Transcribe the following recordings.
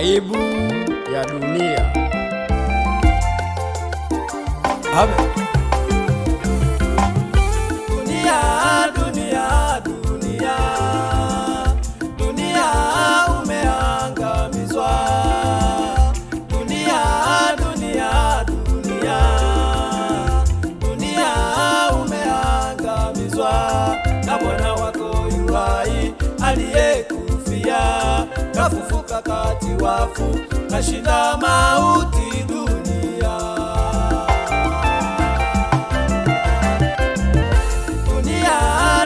aibu ya dunia Amen. kafufuka kati wafu, kashinda mauti dunia. Dunia,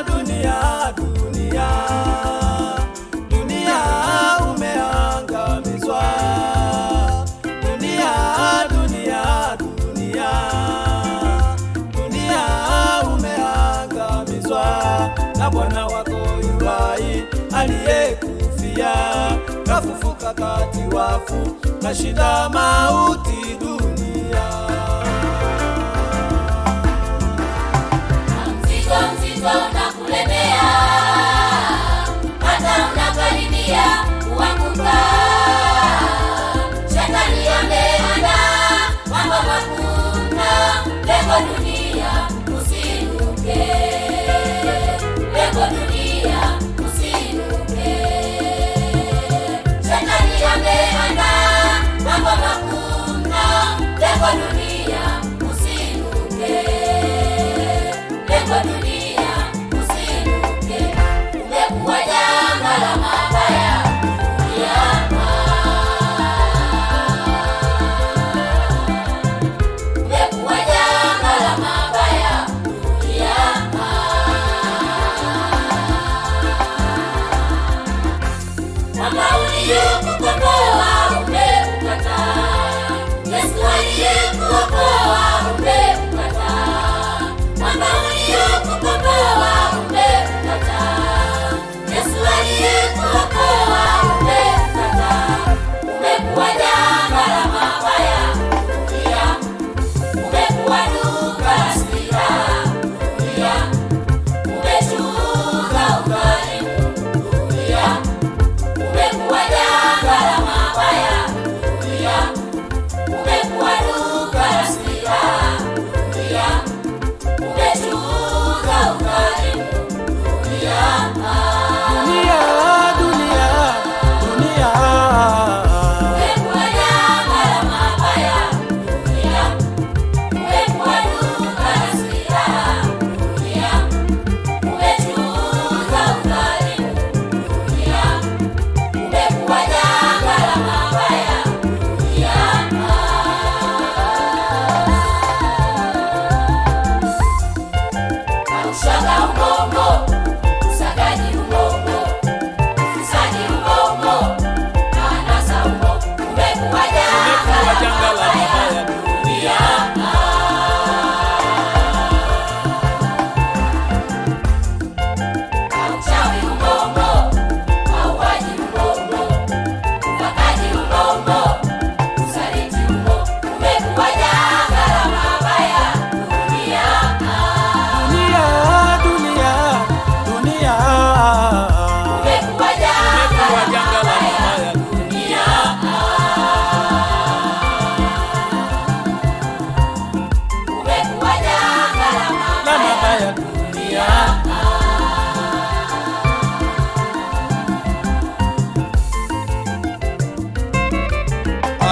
dunia, dunia, dunia umeangamizwa. Dunia, dunia, dunia, dunia umeangamizwa na Bwana wakati wafu na shida mauti du you.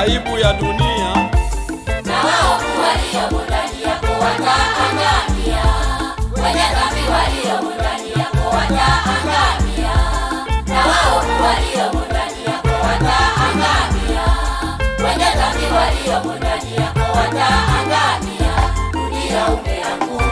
aibu ya dunia na waovu waliomo ndani yako wataangamia, wenye dhambi waliomo ndani yako wataangamia, na waovu waliomo ndani yako wataangamia, wenye dhambi waliomo ndani yako wataangamia. Dunia umeanguka